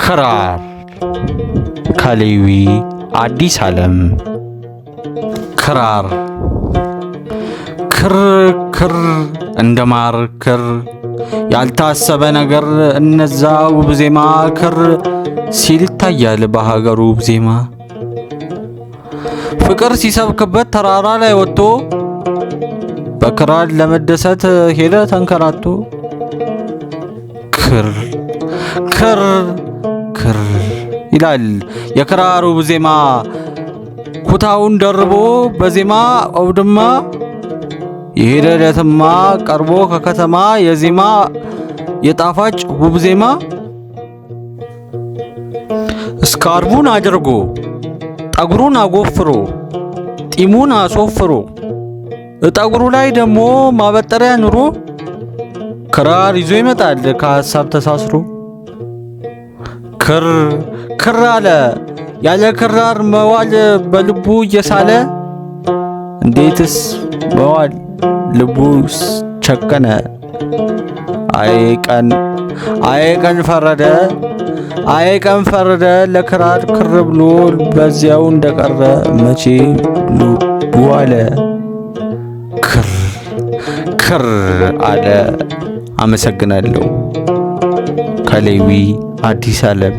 ክራር ከሌዊ አዲስ ዓለም ክራር ክር ክር እንደ ማር ክር ያልታሰበ ነገር እነዛ ውብ ዜማ ክር ሲል ይታያል በሀገሩ ውብ ዜማ ፍቅር ሲሰብክበት ተራራ ላይ ወጥቶ በክራር ለመደሰት ሄደ ተንከራቶ ክር ክር ክር ይላል የክራሩ ዜማ። ኩታውን ደርቦ በዜማ አውድማ የሄደ ለትማ ቀርቦ ከከተማ የዜማ የጣፋጭ ውብ ዜማ እስካርቡን አድርጎ ጠጉሩን አጎፍሮ ጢሙን አሶፍሮ እጠጉሩ ላይ ደግሞ ማበጠሪያ ኑሮ ክራር ይዞ ይመጣል ከሀሳብ ተሳስሮ ክር ክር አለ። ያለ ክራር መዋል በልቡ እየሳለ እንዴትስ መዋል ልቡስ ቸከነ። አይ ቀን አይ ቀን ፈረደ አይ ቀን ፈረደ ለክራር ክር ብሎ በዚያው እንደቀረ መቼ ልቡ አለ ክር ክር አለ። አመሰግናለሁ። ከሌዊ አዲስ ዓለም